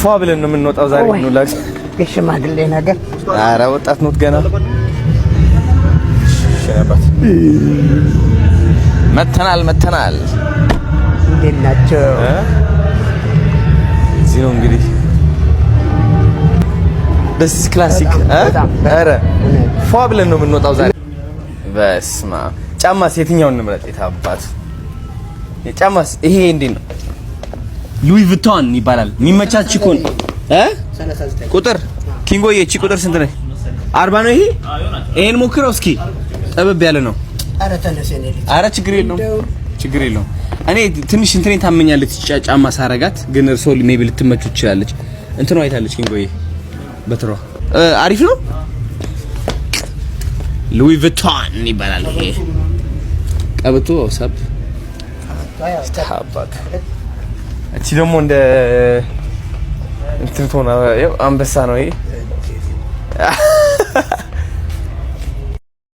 ፏ ብለን ነው የምንወጣው ዛሬ። እንውላለን። የሽማግሌ ነገር። ኧረ ወጣት ነው ገና መተናል መተናል። እንዴት ናቸው? እዚህ ነው እንግዲህ ደስ ክላሲክ። ኧረ ፏ ብለን ነው የምንወጣው ዛሬ። በስመ አብ ጫማስ የትኛውን እንምረጥ? የታባት ጫማስ ይሄ እንዴት ነው? ሉዊ ቪቶን ይባላል። የሚመቻች ኮን እ ቁጥር ኪንጎዬ፣ እቺ ቁጥር ስንት ነው? አርባ ነው። ይሄ ይሄን ሞክረው እስኪ ጠበብ ያለ ነው። አረ ችግር የለውም ችግር የለውም። እኔ ትንሽ እንትኔ ታመኛለች ጫማ ሳረጋት፣ ግን እርሶ ሜቢ ልትመቹ ትችላለች። እንትኑ አይታለች ኪንጎዬ፣ በትሮ አሪፍ ነው። ሉዊ ቪቶን ይባላል ይሄ ቀብቶ ሰብ እቺ ደግሞ እንደ እንትን ትሆና አንበሳ ነው ይሄ